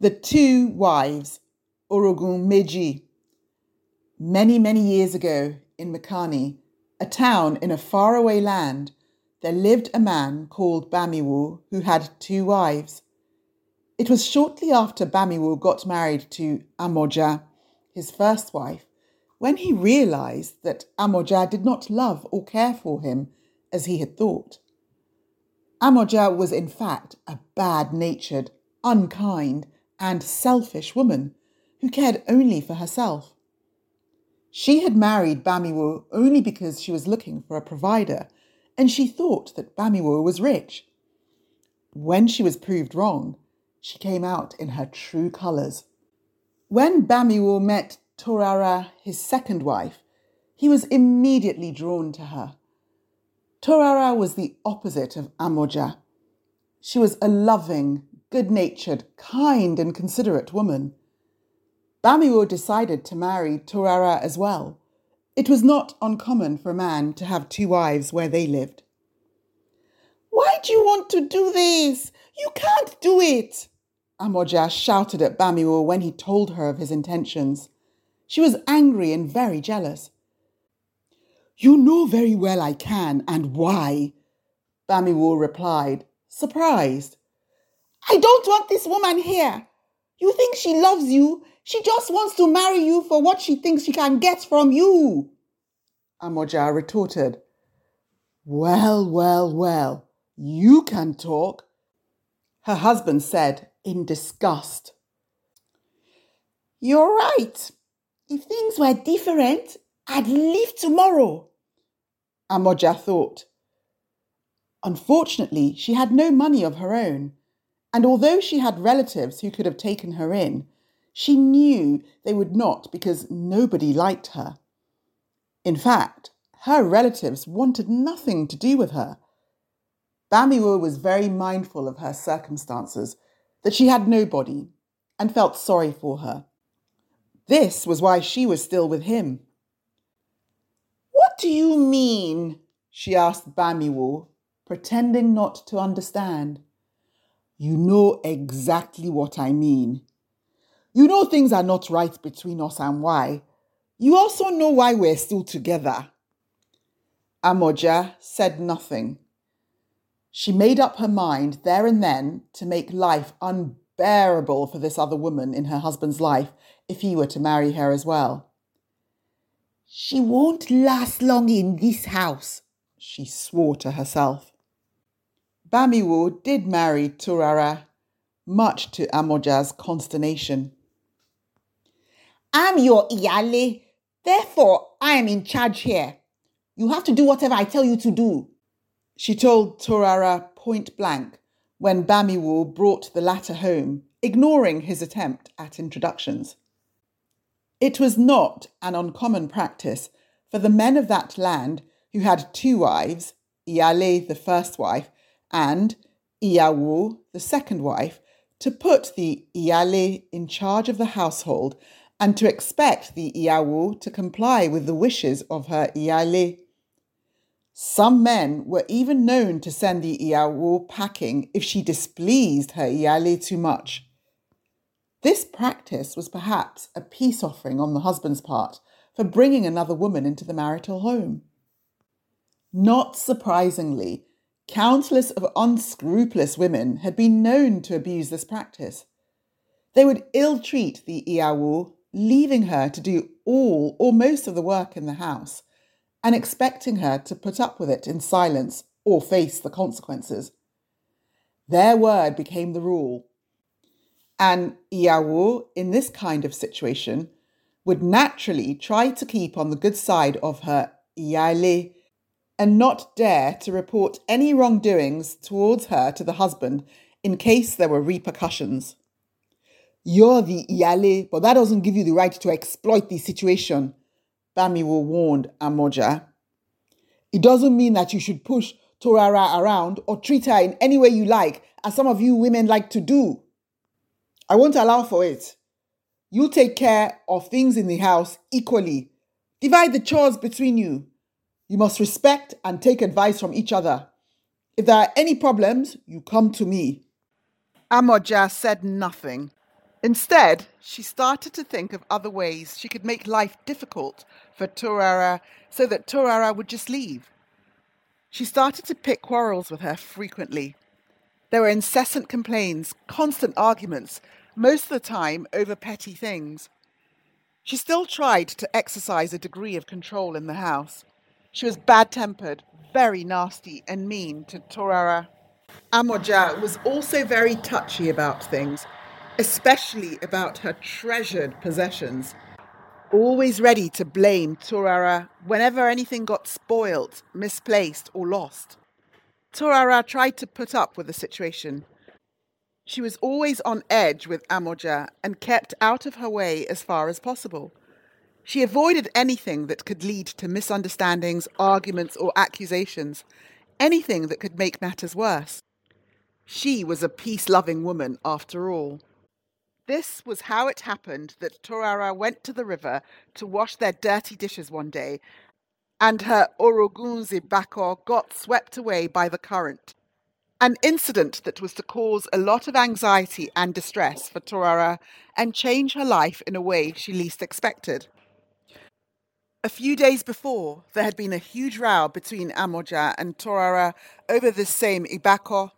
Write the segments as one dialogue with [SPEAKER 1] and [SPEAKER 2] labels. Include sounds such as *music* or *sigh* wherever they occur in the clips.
[SPEAKER 1] the two wives, Orogun Meji, many, many years ago in Mikani, a town in a faraway land, there lived a man called Bamiwu who had two wives. It was shortly after Bamiwu got married to Amoja, his first wife, when he realized that Amoja did not love or care for him as he had thought. Amoja was in fact a bad natured, unkind, and selfish woman who cared only for herself. She had married Bamiwo only because she was looking for a provider, and she thought that Bamiwo was rich. When she was proved wrong, she came out in her true colours. When Bamiwo met Torara, his second wife, he was immediately drawn to her. Torara was the opposite of Amoja. She was a loving, good natured, kind, and considerate woman. Bamiwo decided to marry Torara as well. It was not uncommon for a man to have two wives where they lived. Why do you want to do this? You can't do it! Amoja shouted at Bamiwo when he told her of his intentions. She was angry and very jealous. You know very well I can and why, Bamiwo replied, surprised. I don't want this woman here. You think she loves you? She just wants to marry you for what she thinks she can get from you. Amoja retorted, Well, well, well, you can talk. Her husband said in disgust, You're right. If things were different, I'd leave tomorrow. Amoja thought. Unfortunately, she had no money of her own and although she had relatives who could have taken her in, she knew they would not because nobody liked her. In fact, her relatives wanted nothing to do with her. Bamiwa was very mindful of her circumstances, that she had nobody, and felt sorry for her. This was why she was still with him. What do you mean? she asked Bamiwo, pretending not to understand. You know exactly what I mean. You know things are not right between us and why. You also know why we're still together. Amoja said nothing. She made up her mind there and then to make life unbearable for this other woman in her husband's life if he were to marry her as well. She won't last long in this house, she swore to herself. Bamiwo did marry Turara, much to Amoja's consternation. I'm your Iyale, therefore I am in charge here. You have to do whatever I tell you to do. She told Turara point blank when Bamiwo brought the latter home, ignoring his attempt at introductions. It was not an uncommon practice for the men of that land who had two wives, Iale, the first wife, and Iyawu, the second wife, to put the iale in charge of the household and to expect the Iyawu to comply with the wishes of her iale. Some men were even known to send the Iyawu packing if she displeased her iale too much. This practice was perhaps a peace offering on the husband's part for bringing another woman into the marital home. Not surprisingly, Countless of unscrupulous women had been known to abuse this practice. They would ill treat the Iawu, leaving her to do all or most of the work in the house and expecting her to put up with it in silence or face the consequences. Their word became the rule. An Iawu in this kind of situation would naturally try to keep on the good side of her Iale and not dare to report any wrongdoings towards her to the husband in case there were repercussions. You're the Iyale, but that doesn't give you the right to exploit the situation, Bamiwo warned Amoja. It doesn't mean that you should push Torara around or treat her in any way you like, as some of you women like to do. I won't allow for it. You take care of things in the house equally. Divide the chores between you. You must respect and take advice from each other. If there are any problems, you come to me. Amojah said nothing. Instead, she started to think of other ways she could make life difficult for Torara so that Torara would just leave. She started to pick quarrels with her frequently. There were incessant complaints, constant arguments, most of the time over petty things. She still tried to exercise a degree of control in the house. She was bad tempered, very nasty, and mean to Torara. Amoja was also very touchy about things, especially about her treasured possessions. Always ready to blame Torara whenever anything got spoilt, misplaced, or lost. Torara tried to put up with the situation. She was always on edge with Amoja and kept out of her way as far as possible. She avoided anything that could lead to misunderstandings, arguments, or accusations, anything that could make matters worse. She was a peace loving woman, after all. This was how it happened that Torara went to the river to wash their dirty dishes one day, and her Orogunzi Bakor got swept away by the current. An incident that was to cause a lot of anxiety and distress for Torara and change her life in a way she least expected. A few days before, there had been a huge row between Amoja and Torara over this same Ibako.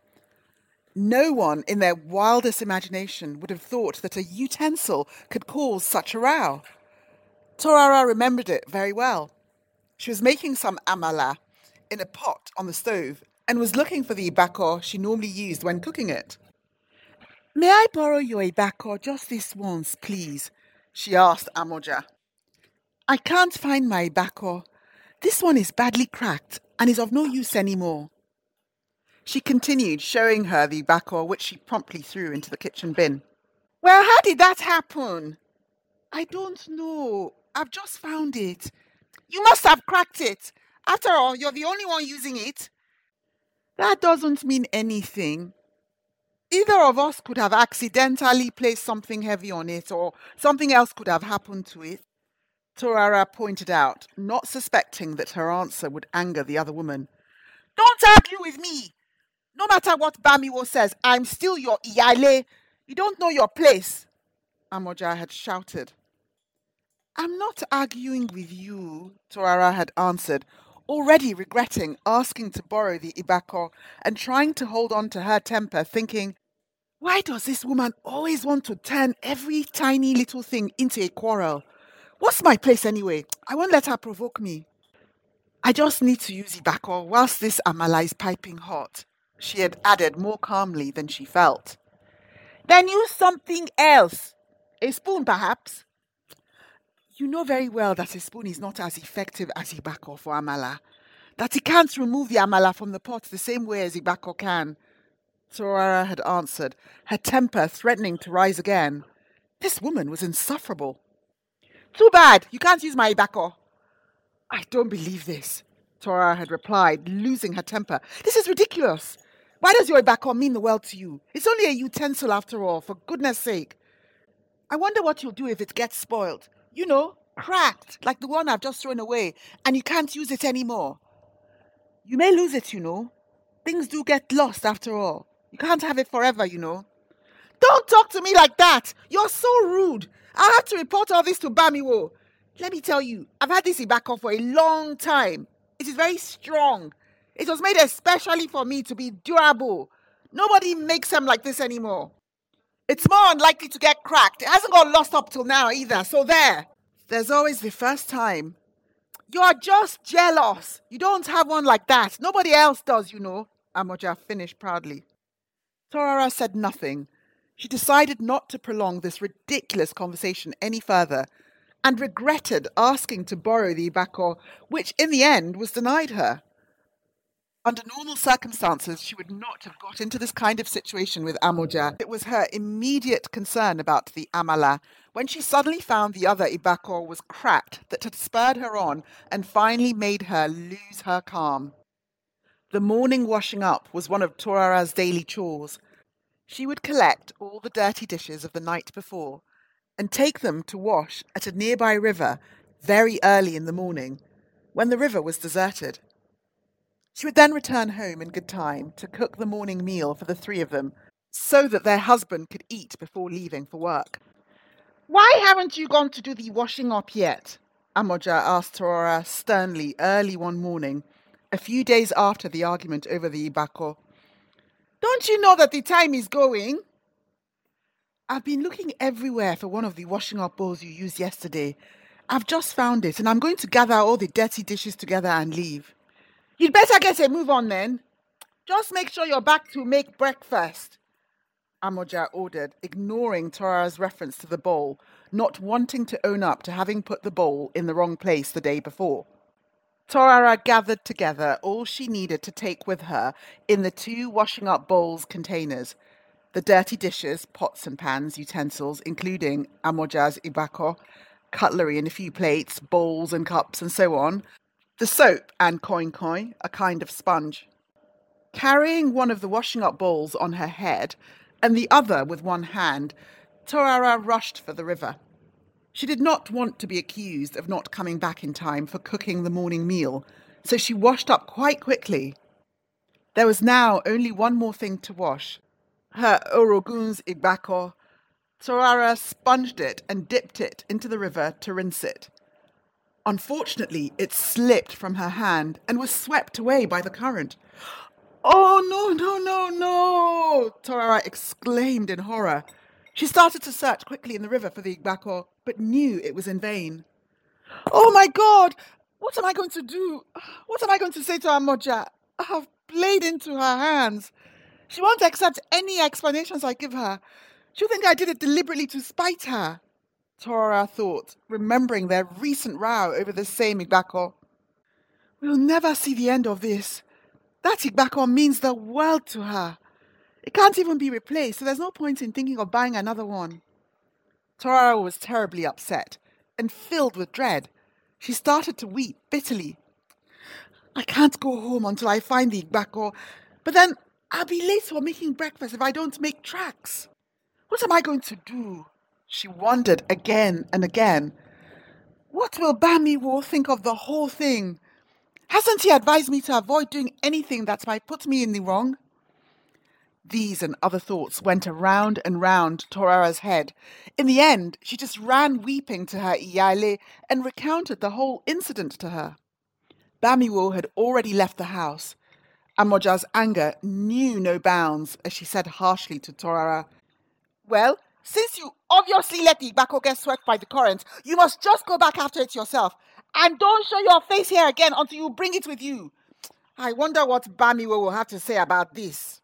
[SPEAKER 1] No one in their wildest imagination would have thought that a utensil could cause such a row. Torara remembered it very well. She was making some amala in a pot on the stove and was looking for the ibako she normally used when cooking it.
[SPEAKER 2] May I borrow
[SPEAKER 1] your ibako just this once, please? she asked Amoja. I can't find my backhoe. This one is badly cracked and is of no use any more. She continued, showing her the backhoe, which she promptly threw into the kitchen bin. Well, how did that happen? I don't know. I've just found it. You must have cracked it. After all, you're the only one using it. That doesn't mean anything. Either of us could have accidentally placed something heavy on it, or something else could have happened to it. Torara pointed out, not suspecting that her answer would anger the other woman. Don't argue with me. No matter what Bamiwo says, I'm still your yale. You don't know your place, Amoja had shouted. I'm not arguing with you, Torara had answered, already regretting asking to borrow the Ibako and trying to hold on to her temper, thinking, why does this woman always want to turn every tiny little thing into a quarrel? What's my place anyway? I won't let her provoke me. I just need to use Ibako whilst this Amala is piping hot, she had added more calmly than she felt. Then use something else. A spoon, perhaps. You know very well that a spoon is not as effective as Ibako for Amala, that he can't remove the Amala from the pot the same way as Ibako can. Sorara had answered, her temper threatening to rise again. This woman was insufferable. Too bad. You can't use my Ibako. Oh. I don't believe this, Tora had replied, losing her temper. This is ridiculous. Why does your Ibako oh, mean the world to you? It's only a utensil after all, for goodness sake. I wonder what you'll do if it gets spoiled. You know, cracked, like the one I've just thrown away, and you can't use it anymore. You may lose it, you know. Things do get lost after all. You can't have it forever, you know. Don't talk to me like that. You're so rude. I have to report all this to Bamiwo. Let me tell you, I've had this Ibaka for a long time. It is very strong. It was made especially for me to be durable. Nobody makes them like this anymore. It's more unlikely to get cracked. It hasn't got lost up till now either. So there. There's always the first time. You're just jealous. You don't have one like that. Nobody else does, you know. Amoja finished proudly. Torara said nothing, she decided not to prolong this ridiculous conversation any further and regretted asking to borrow the Ibako, which in the end was denied her. Under normal circumstances, she would not have got into this kind of situation with Amoja. It was her immediate concern about the Amala when she suddenly found the other Ibako was cracked that had spurred her on and finally made her lose her calm. The morning washing up was one of Torara's daily chores, she would collect all the dirty dishes of the night before and take them to wash at a nearby river very early in the morning when the river was deserted. She would then return home in good time to cook the morning meal for the three of them so that their husband could eat before leaving for work. Why haven't you gone to do the washing up yet? Amoja asked Torora sternly early one morning, a few days after the argument over the ibako. Don't you know that the time is going? I've been looking everywhere for one of the washing up bowls you used yesterday. I've just found it, and I'm going to gather all the dirty dishes together and leave. You'd better get a move on then. Just make sure you're back to make breakfast. Amoja ordered, ignoring Tora's reference to the bowl, not wanting to own up to having put the bowl in the wrong place the day before. Torara gathered together all she needed to take with her in the two washing up bowls containers the dirty dishes, pots and pans, utensils, including Amojaz Ibako, cutlery and a few plates, bowls and cups, and so on, the soap and coin coin, a kind of sponge. Carrying one of the washing up bowls on her head and the other with one hand, Torara rushed for the river. She did not want to be accused of not coming back in time for cooking the morning meal, so she washed up quite quickly. There was now only one more thing to wash. Her oroguns igbako. Sorara sponged it and dipped it into the river to rinse it. Unfortunately, it slipped from her hand and was swept away by the current. Oh, no, no, no, no! Torara exclaimed in horror. She started to search quickly in the river for the Igbako, but knew it was in vain. Oh my God! What am I going to do? What am I going to say to Amoja? I have played into her hands. She won't accept any explanations I give her. She'll think I did it deliberately to spite her, Tora thought, remembering their recent row over the same Igbako. We'll never see the end of this. That Igbako means the world to her. It can't even be replaced, so there's no point in thinking of buying another one. Toraro was terribly upset and filled with dread. She started to weep bitterly. I can't go home until I find the Igbako, but then I'll be late for making breakfast if I don't make tracks. What am I going to do? She wondered again and again. What will Bamiwo think of the whole thing? Hasn't he advised me to avoid doing anything that might put me in the wrong? These and other thoughts went around and round Torara's head. In the end, she just ran weeping to her Iyale and recounted the whole incident to her. Bamiwo had already left the house. Amoja's anger knew no bounds as she said harshly to Torara, Well, since you obviously let the Ibako get swept by the current, you must just go back after it yourself. And don't show your face here again until you bring it with you. I wonder what Bamiwo will have to say about this.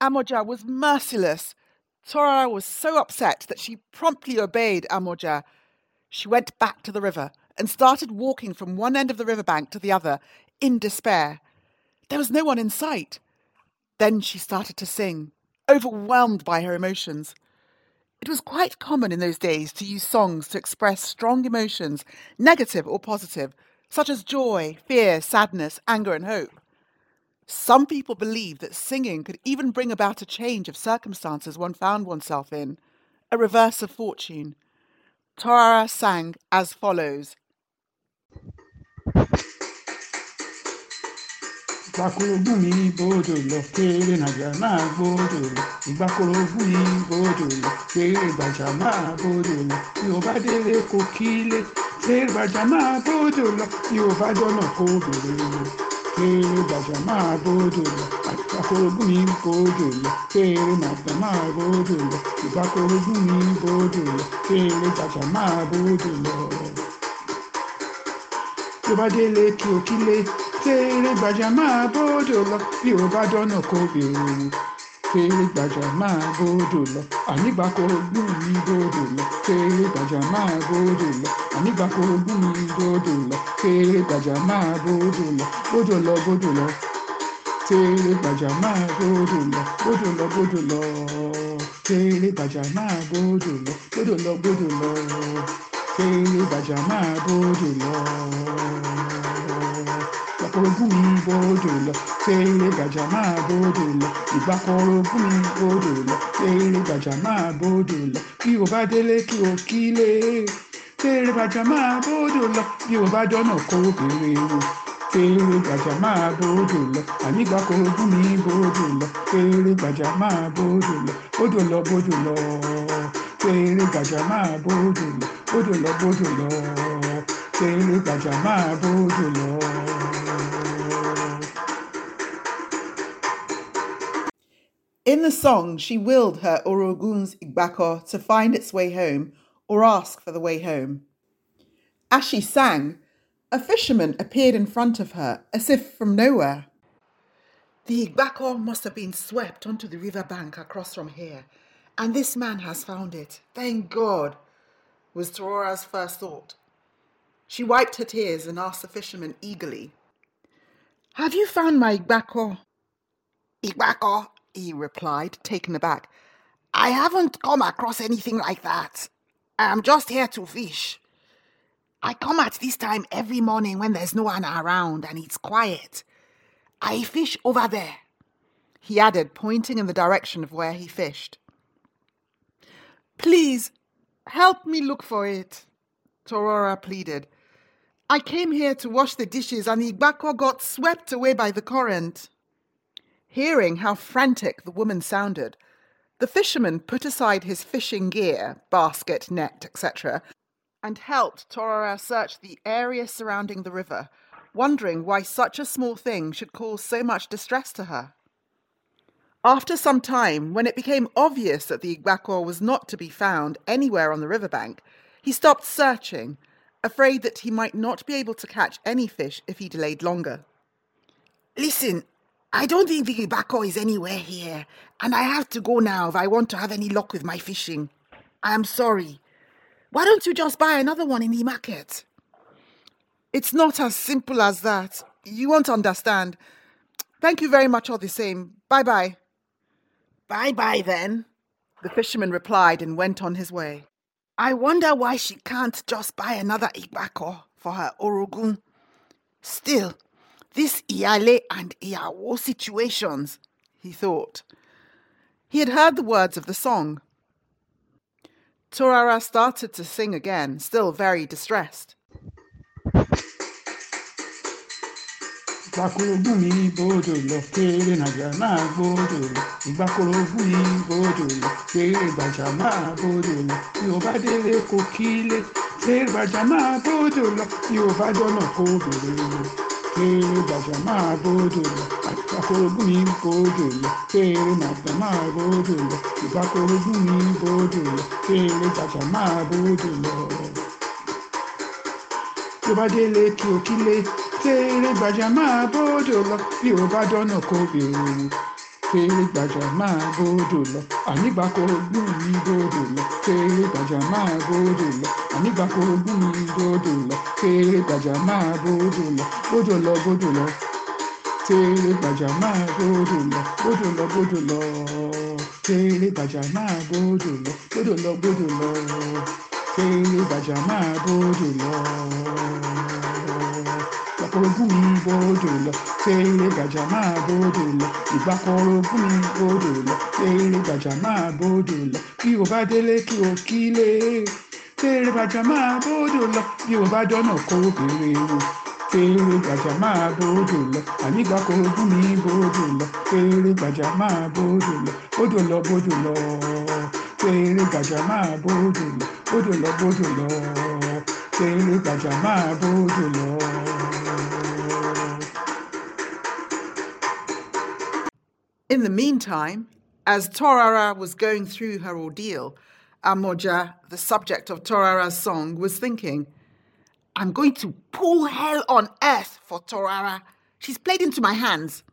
[SPEAKER 1] Amojah was merciless. Tora was so upset that she promptly obeyed Amojah. She went back to the river and started walking from one end of the riverbank to the other in despair. There was no one in sight. Then she started to sing, overwhelmed by her emotions. It was quite common in those days to use songs to express strong emotions, negative or positive, such as joy, fear, sadness, anger, and hope. Some people believe that singing could even bring about a change of circumstances one found oneself in, a reverse of fortune. Tarara sang as follows.
[SPEAKER 2] mi bòdò lọ kéré nàjà máa bòdò lọ mi bòdò lọ kéré máa bòdò lọ bí o bá délé kò kílé kéré máa bòdò lọ bí o bá dọ́nà kó bèrè lọ. kéré gbàgbà máa bódò lọ ìbákorogún mi ń bódò lọ kéré màgbà máa bódò lọ ìbákorogún mi ń bódò lọ kéré gbàgbà máa bódò lọ. tó bá délé kí o kílé kéré gbàgbà máa bódò lọ bí o bá dọ́nà kó bèrè fèrè gbàjà máa bòdò lọ ànígbà korogún mi bòdò lọ fèrè gbàjà máa bòdò lọ ànígbà korogún mi bòdò lọ fèrè gbàjà máa bòdò lọ bòdò lọ bòdò lọ fèrè gbàjà máa bòdò lọ bòdò lọ bòdò lọ fèrè gbàjà máa bòdò lọ bòdò lọ bòdò lọ fèrè gbàjà máa bòdò lọ ojú mi bòdò lọ ṣé eré gàjà máa bòdò lọ ìgbà kan ojú mi bòdò lọ ṣé eré gàjà máa bòdò lọ kí o bá délé kí o kílé ṣé eré gàjà máa bòdò lọ bí o bá dọ́nà kó bèrè o fèrè gbàjà máa bòdò lọ ànígbà kò gún mi bòdò lọ fèrè gbàjà máa bòdò lọ bòdò lọ bòdò lọ fèrè gbàjà máa bòdò lọ bòdò lọ bòdò lọ fèrè gbàjà máa bòdò lọ.
[SPEAKER 1] In the song, she willed her Orogun's Igbako to find its way home or ask for the way home. As she sang, a fisherman appeared in front of her as if from nowhere. The Igbako must have been swept onto the river bank across from here, and this man has found it. Thank God, was Torora's first thought. She wiped her tears and asked the fisherman eagerly, Have you found my Igbako? Igbako, he replied, taken aback. I haven't come across anything like that. I am just here to fish. I come at this time every morning when there's no one around and it's quiet. I fish over there, he added, pointing in the direction of where he fished. Please help me look for it, Torora pleaded. I came here to wash the dishes and Igbako got swept away by the current hearing how frantic the woman sounded. The fisherman put aside his fishing gear, basket, net, etc., and helped Torora search the area surrounding the river, wondering why such a small thing should cause so much distress to her. After some time, when it became obvious that the Iguacor was not to be found anywhere on the riverbank, he stopped searching, afraid that he might not be able to catch any fish if he delayed longer. Listen, I don't think the Ibako is anywhere here, and I have to go now if I want to have any luck with my fishing. I am sorry. Why don't you just buy another one in the market? It's not as simple as that. You won't understand. Thank you very much all the same. Bye bye. Bye bye then, the fisherman replied and went on his way. I wonder why she can't just buy another Ibako for her Orogun. Still, this Iale and Iao situations, he thought. He had heard the words of the song. Torara started to sing again, still very distressed. mi
[SPEAKER 2] bòdò lọ kéré máa bòdò lọ mi bòdò lọ kéré máa bòdò lọ bí o bá délé kò kílé kéré máa bòdò lọ bí o bá dọ́nà kó bèrè lọ. kéré gbàgbà máa bódò lọ ìgbàkorogún mi ń bódò lọ kéré màgbà máa bódò lọ ìgbàkorogún mi ń bódò lọ kéré gbàgbà máa bódò lọ. tó bá délé kí o kílé kéré gbàgbà máa bódò lọ bí o bá dọ́nà kó bèrè kéré gbàjà máa bòdò lọ ànígbà korogún mi bòdò lọ kéré gbàjà máa bòdò lọ ànígbà korogún mi bòdò lọ kéré gbàjà máa bòdò lọ bòdò lọ bòdò lọ kéré gbàjà máa bòdò lọ bòdò lọ bòdò lọ kéré gbàjà máa bòdò lọ bòdò lọ bòdò lọ kéré gbàjà máa bòdò lọ. Ìgbàkọ̀rọ̀gùn mi bodò lọ, ṣé eré gbàjà máa bodò lọ. Ìgbàkọ̀rọ̀gùn mi bodò lọ, ṣé eré gbàjà máa bodò lọ. Bí o bá délé kí o kílé, ṣé eré gbàjà máa bodò lọ. Bí o bá dọ́nà kó bèrè wo. Ṣé eré gbàjà máa bodò lọ. Àní ìgbàkọ̀rọ̀gùn mi bodò lọ, ṣé eré gbàjà máa bodò lọ. Bodò lọ bodò lọ, ṣé eré gbàjà máa bodò lọ. Bodò lọ bodò lọ, ṣé eré gbàjà máa bodò lọ.
[SPEAKER 1] In the meantime, as Torara was going through her ordeal, Amoja, the subject of Torara's song, was thinking, I'm going to pull hell on earth for Torara. She's played into my hands.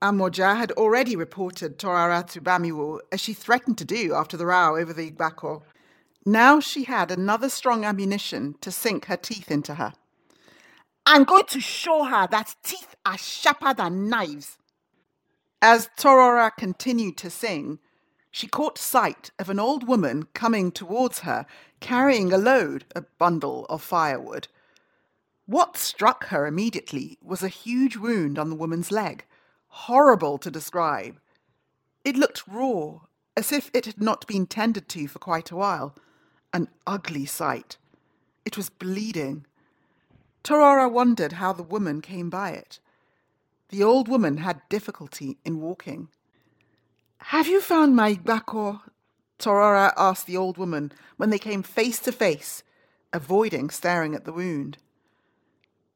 [SPEAKER 1] Amoja had already reported Torara to Bamiwu, as she threatened to do after the row over the Igbako. Now she had another strong ammunition to sink her teeth into her. I'm going to show her that teeth are sharper than knives. As Torora continued to sing, she caught sight of an old woman coming towards her, carrying a load, a bundle of firewood. What struck her immediately was a huge wound on the woman's leg, horrible to describe. It looked raw, as if it had not been tended to for quite a while. An ugly sight. It was bleeding. Torora wondered how the woman came by it. The old woman had difficulty in walking. Have you found my Igbako? Torora asked the old woman when they came face to face, avoiding staring at the wound.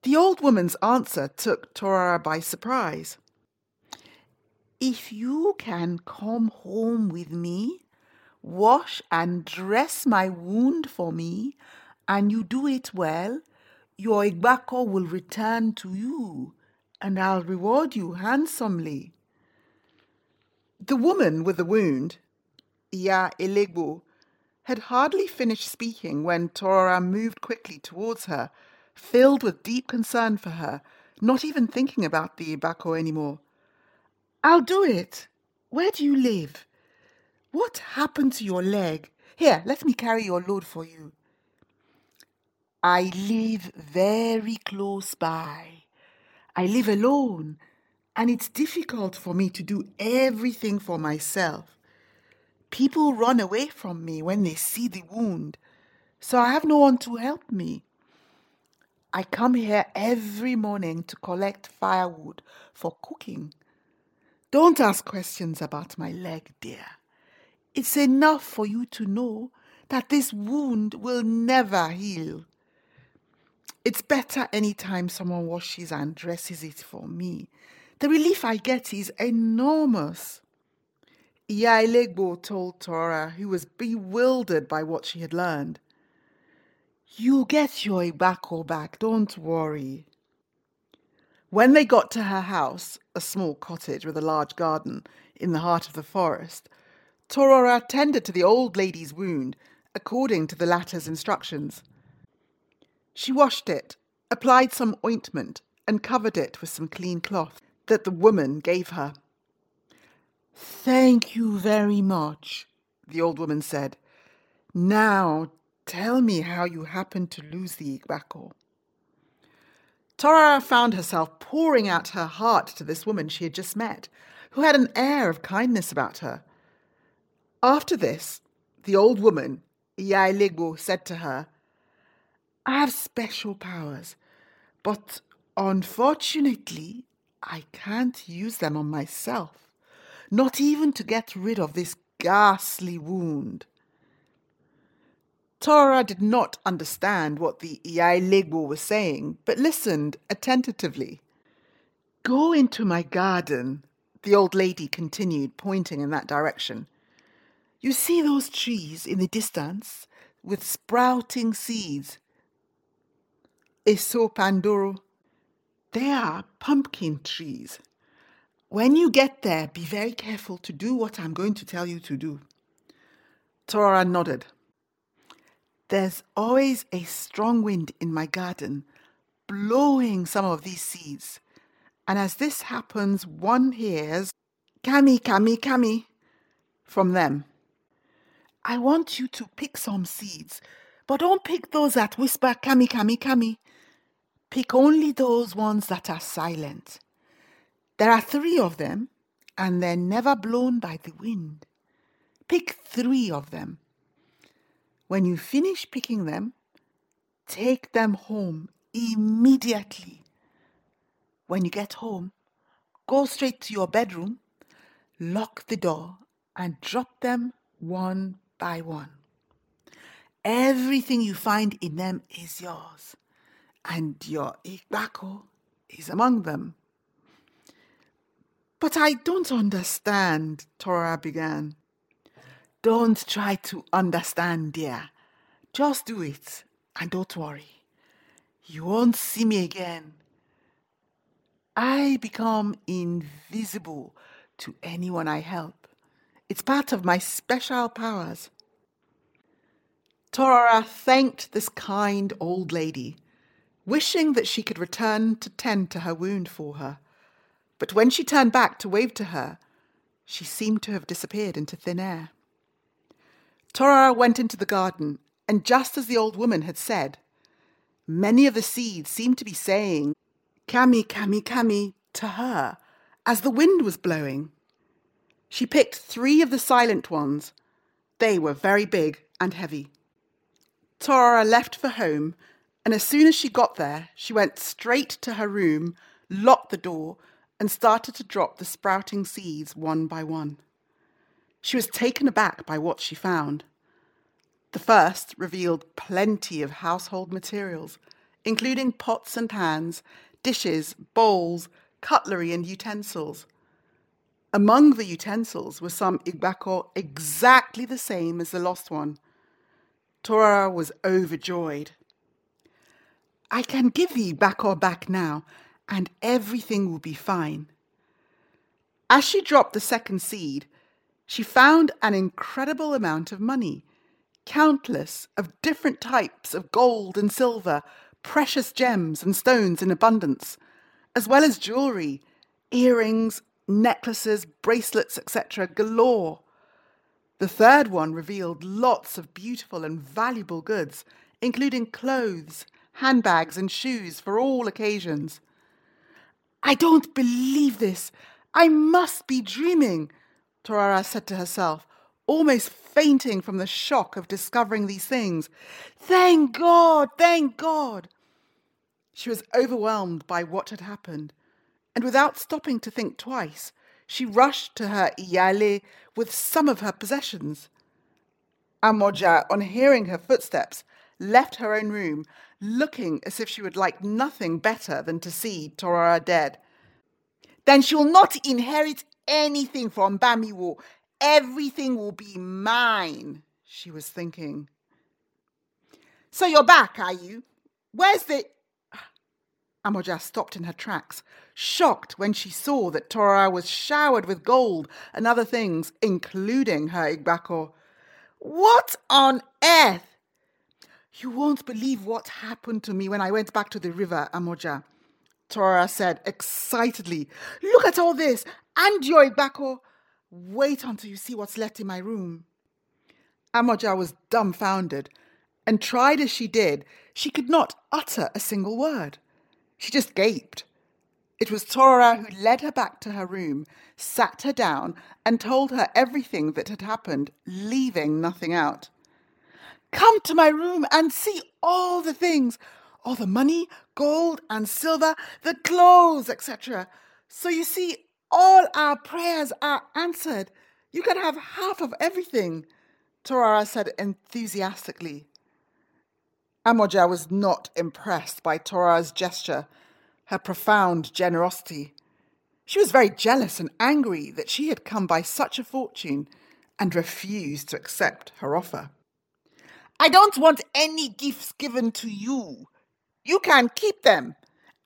[SPEAKER 1] The old woman's answer took Torora by surprise. If you can come home with me, wash and dress my wound for me, and you do it well, your Igbako will return to you and I'll reward you handsomely. The woman with the wound, Ya Ilegbo, had hardly finished speaking when Torora moved quickly towards her, filled with deep concern for her, not even thinking about the Ibako anymore. I'll do it. Where do you live? What happened to your leg? Here, let me carry your load for you. I live very close by. I live alone, and it's difficult for me to do everything for myself. People run away from me when they see the wound, so I have no one to help me. I come here every morning to collect firewood for cooking. Don't ask questions about my leg, dear. It's enough for you to know that this wound will never heal. It's better anytime someone washes and dresses it for me. The relief I get is enormous. Iailegbo told Tora, who was bewildered by what she had learned. You'll get your Ibako back, don't worry. When they got to her house, a small cottage with a large garden in the heart of the forest, Torora tended to the old lady's wound according to the latter's instructions. She washed it, applied some ointment, and covered it with some clean cloth that the woman gave her. Thank you very much, the old woman said. Now tell me how you happened to lose the Igbako. Torara found herself pouring out her heart to this woman she had just met, who had an air of kindness about her. After this, the old woman, Iyailego, said to her, I have special powers, but unfortunately, I can't use them on myself, not even to get rid of this ghastly wound. Tora did not understand what the Iailegwo was saying, but listened attentively. Go into my garden, the old lady continued, pointing in that direction. You see those trees in the distance with sprouting seeds? Eso Pandoro, there are pumpkin trees. When you get there, be very careful to do what I'm going to tell you to do. Torora nodded. There's always a strong wind in my garden, blowing some of these seeds. And as this happens, one hears Kami, Kami, Kami from them. I want you to pick some seeds, but don't pick those that whisper Kami, Kami, Kami. Pick only those ones that are silent. There are three of them, and they're never blown by the wind. Pick three of them. When you finish picking them, take them home immediately. When you get home, go straight to your bedroom, lock the door, and drop them one by one. Everything you find in them is yours and your Igbako is among them. But I don't understand, Torah began. Don't try to understand, dear. Just do it and don't worry. You won't see me again. I become invisible to anyone I help. It's part of my special powers. Torora thanked this kind old lady wishing that she could return to tend to her wound for her. But when she turned back to wave to her, she seemed to have disappeared into thin air. Torara went into the garden, and just as the old woman had said, many of the seeds seemed to be saying, Kami, Kami, Kami, to her, as the wind was blowing. She picked three of the silent ones. They were very big and heavy. Torara left for home and as soon as she got there, she went straight to her room, locked the door, and started to drop the sprouting seeds one by one. She was taken aback by what she found. The first revealed plenty of household materials, including pots and pans, dishes, bowls, cutlery, and utensils. Among the utensils were some igbako exactly the same as the lost one. Torara was overjoyed. I can give thee back or back now, and everything will be fine. As she dropped the second seed, she found an incredible amount of money countless of different types of gold and silver, precious gems and stones in abundance, as well as jewellery, earrings, necklaces, bracelets, etc., galore. The third one revealed lots of beautiful and valuable goods, including clothes, handbags, and shoes for all occasions. I don't believe this. I must be dreaming, Torara said to herself, almost fainting from the shock of discovering these things. Thank God, thank God. She was overwhelmed by what had happened, and without stopping to think twice, she rushed to her Iyale with some of her possessions. Amoja, on hearing her footsteps, left her own room looking as if she would like nothing better than to see Torara dead. Then she'll not inherit anything from Bamiwo. Everything will be mine, she was thinking. So you're back, are you? Where's the. *sighs* Amoja stopped in her tracks, shocked when she saw that Torara was showered with gold and other things, including her Igbako. What on earth? You won't believe what happened to me when I went back to the river, Amoja. Tora said excitedly. Look at all this and your Ibako. Wait until you see what's left in my room. Amoja was dumbfounded, and tried as she did, she could not utter a single word. She just gaped. It was Tora who led her back to her room, sat her down, and told her everything that had happened, leaving nothing out. Come to my room and see all the things, all the money, gold and silver, the clothes, etc. So you see, all our prayers are answered. You can have half of everything, Torara said enthusiastically. Amoja was not impressed by Torara's gesture, her profound generosity. She was very jealous and angry that she had come by such a fortune and refused to accept her offer. I don't want any gifts given to you. You can keep them.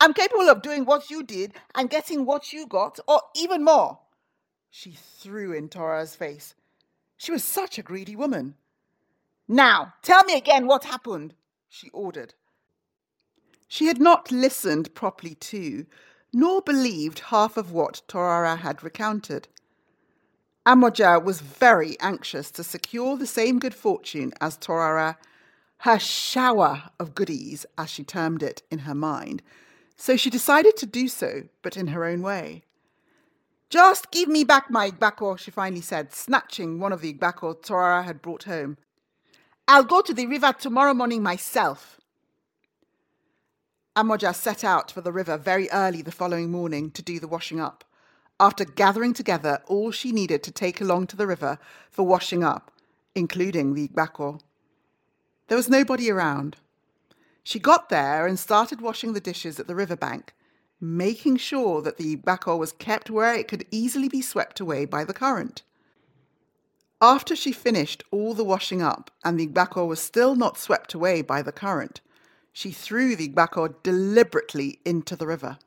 [SPEAKER 1] I'm capable of doing what you did and getting what you got, or even more. She threw in Tora's face. She was such a greedy woman. Now, tell me again what happened, she ordered. She had not listened properly to, nor believed half of what Torara had recounted. Amojah was very anxious to secure the same good fortune as Torara, her shower of goodies, as she termed it in her mind, so she decided to do so, but in her own way. Just give me back my igbako, she finally said, snatching one of the igbako Torara had brought home. I'll go to the river tomorrow morning myself. Amojah set out for the river very early the following morning to do the washing up after gathering together all she needed to take along to the river for washing up, including the igbako. There was nobody around. She got there and started washing the dishes at the riverbank, making sure that the igbako was kept where it could easily be swept away by the current. After she finished all the washing up and the igbako was still not swept away by the current, she threw the igbako deliberately into the river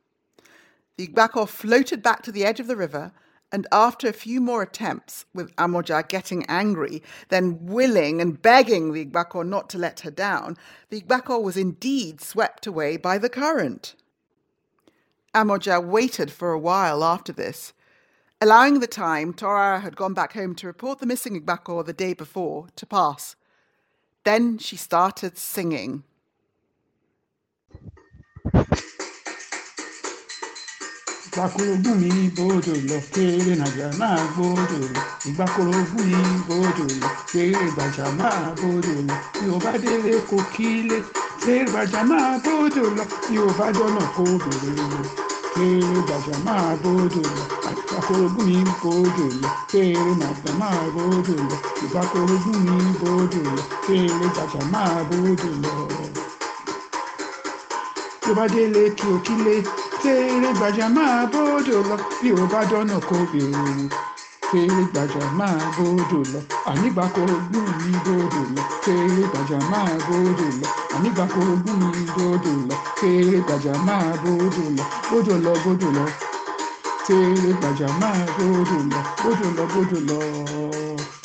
[SPEAKER 1] the Igbakor floated back to the edge of the river, and after a few more attempts, with Amojah getting angry, then willing and begging the Igbakor not to let her down, the Igbakor was indeed swept away by the current. Amojah waited for a while after this. Allowing the time Torara had gone back home to report the missing Igbakor the day before to pass. Then she started singing.
[SPEAKER 2] ìgbàkorogún mi bòdò lọ kéré nàjà máa bòdò lọ ìgbàkorogún mi bòdò lọ kéré gbàjà máa bòdò lọ bí o bá délé kó kílé kéré gbàjà máa bòdò lọ bí o bá dọ́nà kó bèrè lọ kéré gbàjà máa bòdò lọ ìgbàkorogún mi bòdò lọ kéré nàjà máa bòdò lọ ìgbàkorogún mi bòdò lọ kéré gbàjà máa bòdò lọ. bí o bá délé kí o kílé. Fèrè gbàjà máa bòdò lọ bí o bá dọ́nà kó èrò. Fèrè gbàjà máa bòdò lọ ànígbà kó gún mi bòdò lọ. Fèrè gbàjà máa bòdò lọ ànígbà kó gún mi bòdò lọ. Fèrè gbàjà máa bòdò lọ bòdò lọ bòdò lọ. Fèrè gbàjà máa bòdò lọ bòdò lọ bòdò lọ.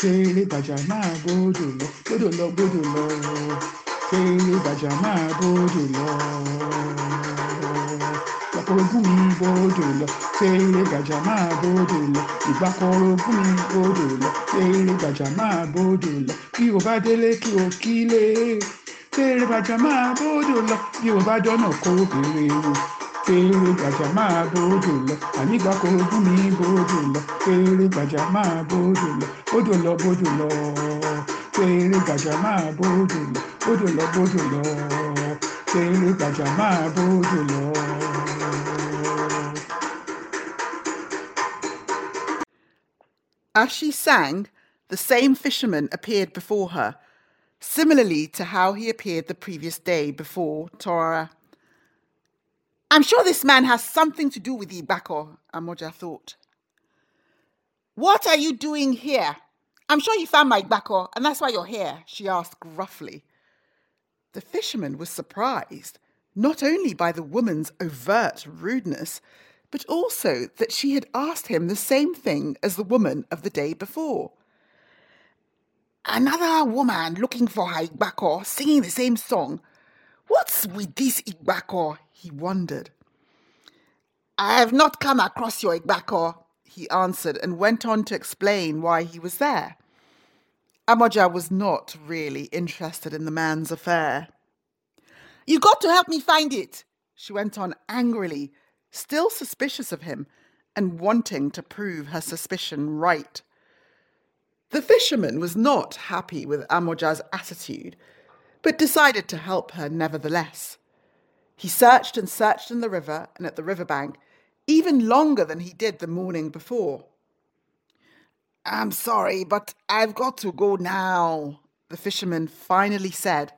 [SPEAKER 2] Fèrè gbàjà máa bòdò lọ bòdò lọ bòdò lọ. Fèrè gbàjà máa bòdò lọ ogún mi bòdò lọ ṣeré gàjà máa bòdò lọ ìgbàkọ̀rọ̀ ogún mi bòdò lọ ṣeré gàjà máa bòdò lọ kí o bá délé kí o kílé ṣeré gàjà máa bòdò lọ bí o bá dọ́nà kó bèrè o kéré gbàjà máa bòdò lọ ànígbà kò gún mi bòdò lọ kéré gbàjà máa bòdò lọ bòdò lọ bòdò lọ kéré gbàjà máa bòdò lọ bòdò lọ bòdò lọ kéré gbàjà máa bòdò lọ.
[SPEAKER 1] As she sang, the same fisherman appeared before her, similarly to how he appeared the previous day before Torah. I'm sure this man has something to do with Ibako, Amoja thought. What are you doing here? I'm sure you found my Ibako, and that's why you're here, she asked gruffly. The fisherman was surprised, not only by the woman's overt rudeness, but also that she had asked him the same thing as the woman of the day before. Another woman looking for her Igbako singing the same song. What's with this Igbako? he wondered. I have not come across your Igbako, he answered and went on to explain why he was there. Amoja was not really interested in the man's affair. You got to help me find it, she went on angrily, still suspicious of him and wanting to prove her suspicion right. The fisherman was not happy with Amojah's attitude, but decided to help her nevertheless. He searched and searched in the river and at the riverbank even longer than he did the morning before. I'm sorry, but I've got to go now, the fisherman finally said.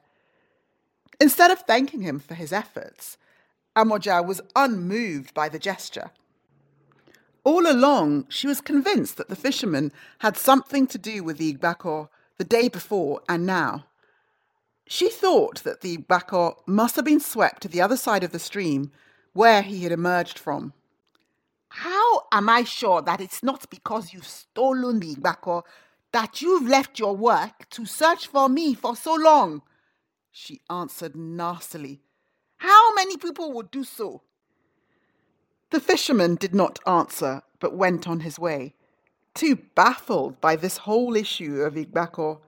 [SPEAKER 1] Instead of thanking him for his efforts, Amojah was unmoved by the gesture. All along, she was convinced that the fisherman had something to do with the Igbakor the day before and now. She thought that the Igbakor must have been swept to the other side of the stream where he had emerged from. How am I sure that it's not because you've stolen the Igbakor that you've left your work to search for me for so long? She answered nastily how many people would do so? The fisherman did not answer, but went on his way, too baffled by this whole issue of Igbako.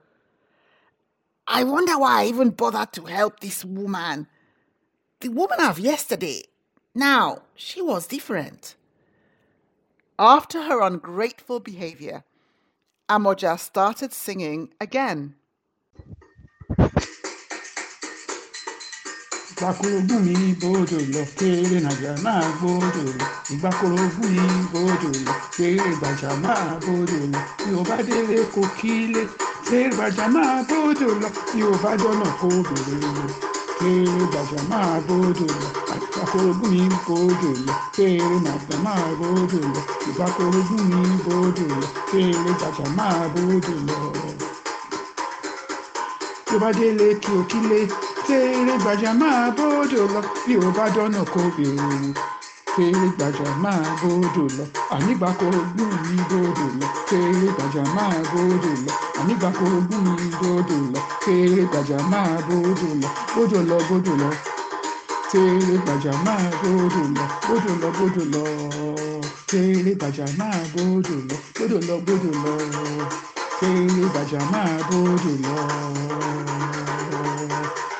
[SPEAKER 1] I wonder why I even bothered to help this woman. The woman of yesterday. Now, she was different. After her ungrateful behavior, Amoja started singing again.
[SPEAKER 2] ìgbàkorogún mi bòdò lọ kéré nàjà máa bòdò lọ ìgbàkorogún mi bòdò lọ kéré gbàjà máa bòdò lọ bí o bá délé kó kílé kéré gbàjà máa bòdò lọ bí o bá dọ́nà kó bèrè lọ kéré gbàjà máa bòdò lọ ìgbàkorogún mi bòdò lọ kéré nàjà máa bòdò lọ ìgbàkorogún mi bòdò lọ kéré gbàjà máa bòdò lọ. bí o bá délé kí o tèrè gbàjà máa bódò lọ bí o bá dọ́nà kó ìròyìn tèrè gbàjà máa bódò lọ ànígbà kó ogún mi bódò lọ tèrè gbàjà máa bódò lọ ànígbà kó ogún mi bódò lọ tèrè gbàjà máa bódò lọ bódò lọ bódò lọ tèrè gbàjà máa bódò lọ bódò lọ bódò lọ tèrè gbàjà máa bódò lọ bódò lọ bódò lọ pé ìbàjá máa bòde lọ.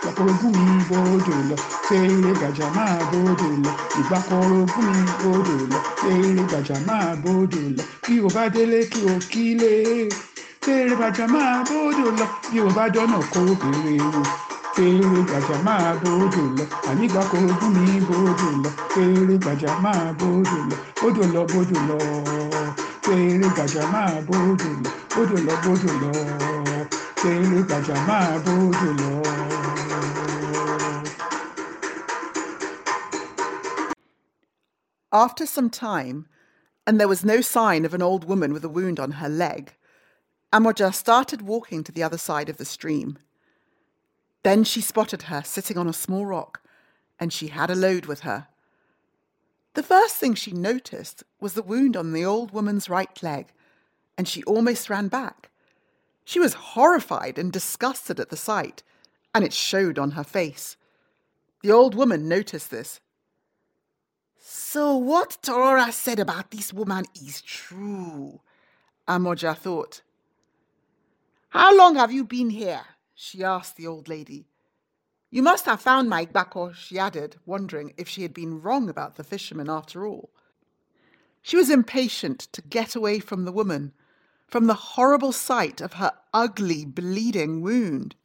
[SPEAKER 2] Ìgbàkorogún mi bòde lọ, ṣé ilé ìbàjá máa bòde lọ. Ìgbàkorogún mi bòde lọ, ṣé ilé ìbàjá máa bòde lọ. Kí o bá délé kí o kílé. Ṣé ilé ìbàjá máa bòde lọ, bí o bá dọ́nà kó bèrè wò fèrè gbàjà máa bòdò lọ ànígbà kò mi bòdò lọ fèrè gbàjà máa bòdò lọ bòdò lọ bòdò lọ fèrè gbàjà máa bòdò lọ. After
[SPEAKER 1] some time, and there was no sign of an old woman with a wound on her leg, Amroja started walking to the other side of the stream. Then she spotted her sitting on a small rock, and she had a load with her. The first thing she noticed was the wound on the old woman's right leg, and she almost ran back. She was horrified and disgusted at the sight, and it showed on her face. The old woman noticed this. So, what Torora said about this woman is true, Amoja thought. How long have you been here? she asked the old lady. You must have found my Bako, she added, wondering if she had been wrong about the fisherman after all. She was impatient to get away from the woman from the horrible sight of her ugly, bleeding wound.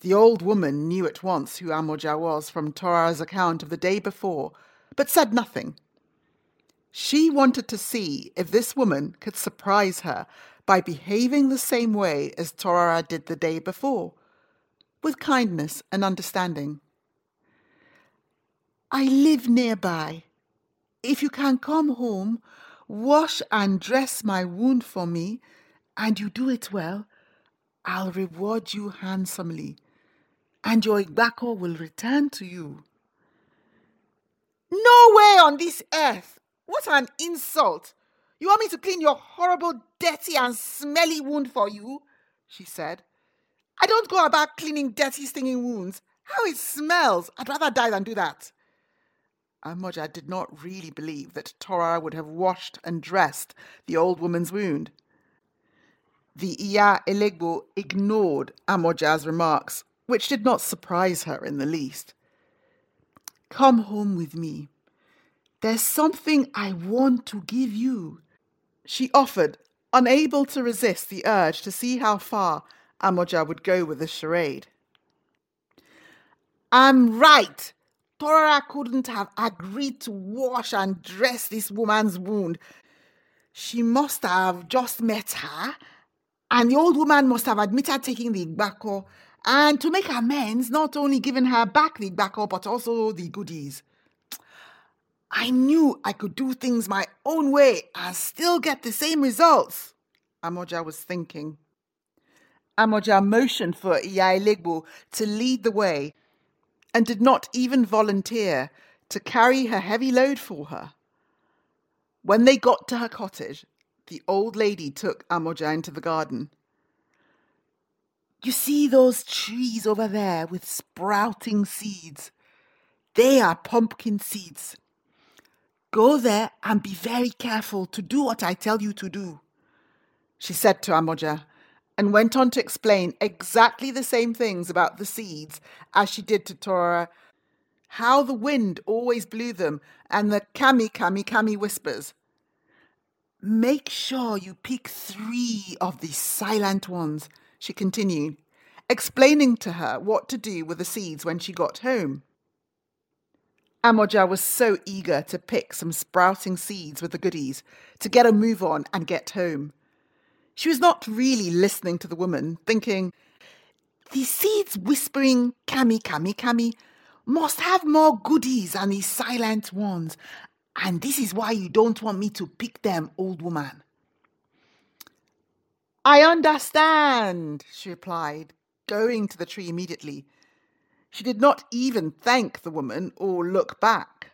[SPEAKER 1] The old woman knew at once who Amojah was from Torah's account of the day before, but said nothing. She wanted to see if this woman could surprise her by behaving the same way as Torah did the day before, with kindness and understanding. I live nearby. If you can come home, Wash and dress my wound for me, and you do it well, I'll reward you handsomely, and your Igbako will return to you. No way on this earth! What an insult! You want me to clean your horrible, dirty, and smelly wound for you? She said. I don't go about cleaning dirty, stinging wounds. How it smells! I'd rather die than do that. Al did not really believe that Torah would have washed and dressed the old woman's wound. The Iya Elegbo ignored Amojad's remarks, which did not surprise her in the least. Come home with me. There's something I want to give you. She offered, unable to resist the urge to see how far Amojad would go with the charade. I'm right, Torah couldn't have agreed to wash and dress this woman's wound. She must have just met her, and the old woman must have admitted taking the igbako, and to make amends, not only given her back the igbako, but also the goodies. I knew I could do things my own way and still get the same results, Amoja was thinking. Amoja motioned for Legbo to lead the way and did not even volunteer to carry her heavy load for her. When they got to her cottage, the old lady took Amojan into the garden. You see those trees over there with sprouting seeds? They are pumpkin seeds. Go there and be very careful to do what I tell you to do, she said to Amoja and went on to explain exactly the same things about the seeds as she did to Tora, how the wind always blew them, and the kami kami kami whispers. Make sure you pick three of the silent ones, she continued, explaining to her what to do with the seeds when she got home. Amoja was so eager to pick some sprouting seeds with the goodies, to get a move on and get home she was not really listening to the woman, thinking, These seeds whispering, Kami, Kami, Kami, must have more goodies than these silent ones. And this is why you don't want me to pick them, old woman. I understand, she replied, going to the tree immediately. She did not even thank the woman or look back.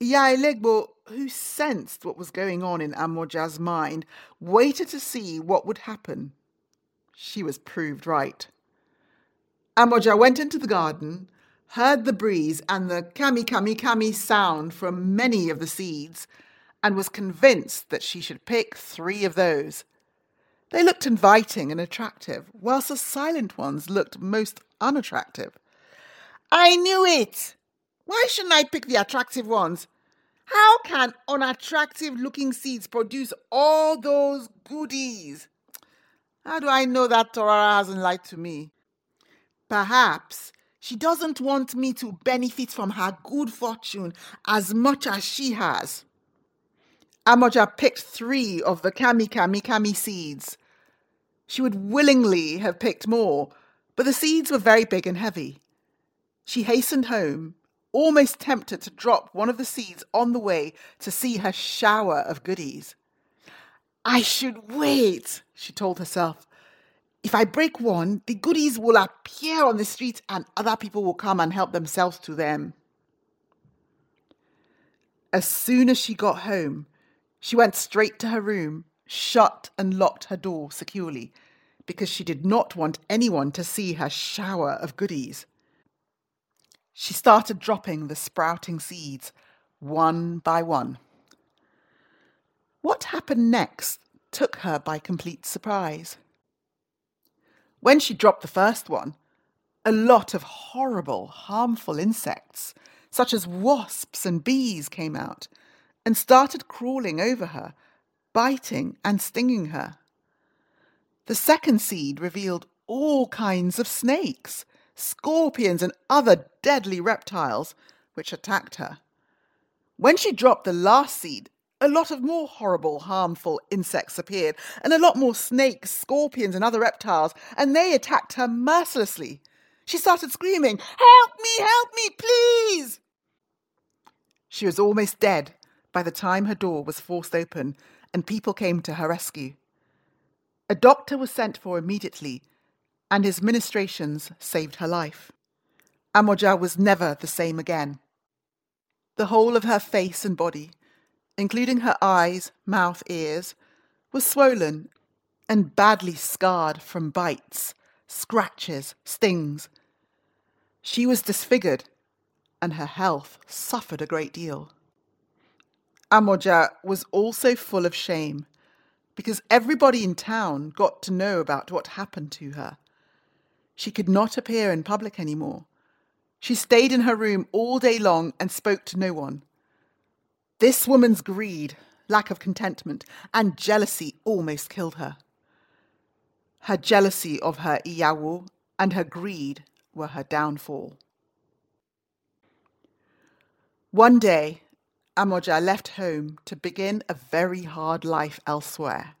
[SPEAKER 1] legbo who sensed what was going on in Amorja's mind waited to see what would happen. She was proved right. Amorja went into the garden, heard the breeze and the kami kami kami sound from many of the seeds, and was convinced that she should pick three of those. They looked inviting and attractive, whilst the silent ones looked most unattractive. I knew it! Why shouldn't I pick the attractive ones? How can unattractive looking seeds produce all those goodies? How do I know that Torara hasn't lied to me? Perhaps she doesn't want me to benefit from her good fortune as much as she has. Amoja picked three of the kami kami kami seeds. She would willingly have picked more, but the seeds were very big and heavy. She hastened home almost tempted to drop one of the seeds on the way to see her shower of goodies. I should wait, she told herself. If I break one, the goodies will appear on the street and other people will come and help themselves to them. As soon as she got home, she went straight to her room, shut and locked her door securely, because she did not want anyone to see her shower of goodies. She started dropping the sprouting seeds one by one. What happened next took her by complete surprise. When she dropped the first one, a lot of horrible, harmful insects, such as wasps and bees, came out and started crawling over her, biting and stinging her. The second seed revealed all kinds of snakes, scorpions, and other deadly reptiles which attacked her. When she dropped the last seed, a lot of more horrible, harmful insects appeared, and a lot more snakes, scorpions, and other reptiles, and they attacked her mercilessly. She started screaming, Help me, help me, please! She was almost dead by the time her door was forced open and people came to her rescue. A doctor was sent for immediately and his ministrations saved her life. Amojah was never the same again. The whole of her face and body, including her eyes, mouth, ears, was swollen and badly scarred from bites, scratches, stings. She was disfigured, and her health suffered a great deal. Amojah was also full of shame because everybody in town got to know about what happened to her. She could not appear in public anymore. She stayed in her room all day long and spoke to no one. This woman's greed, lack of contentment, and jealousy almost killed her. Her jealousy of her iyawu and her greed were her downfall. One day, Amoja left home to begin a very hard life elsewhere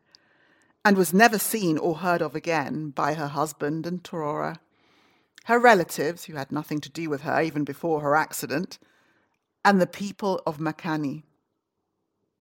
[SPEAKER 1] and was never seen or heard of again by her husband and Torora. Her relatives, who had nothing to do with her even before her accident, and the people of Makani.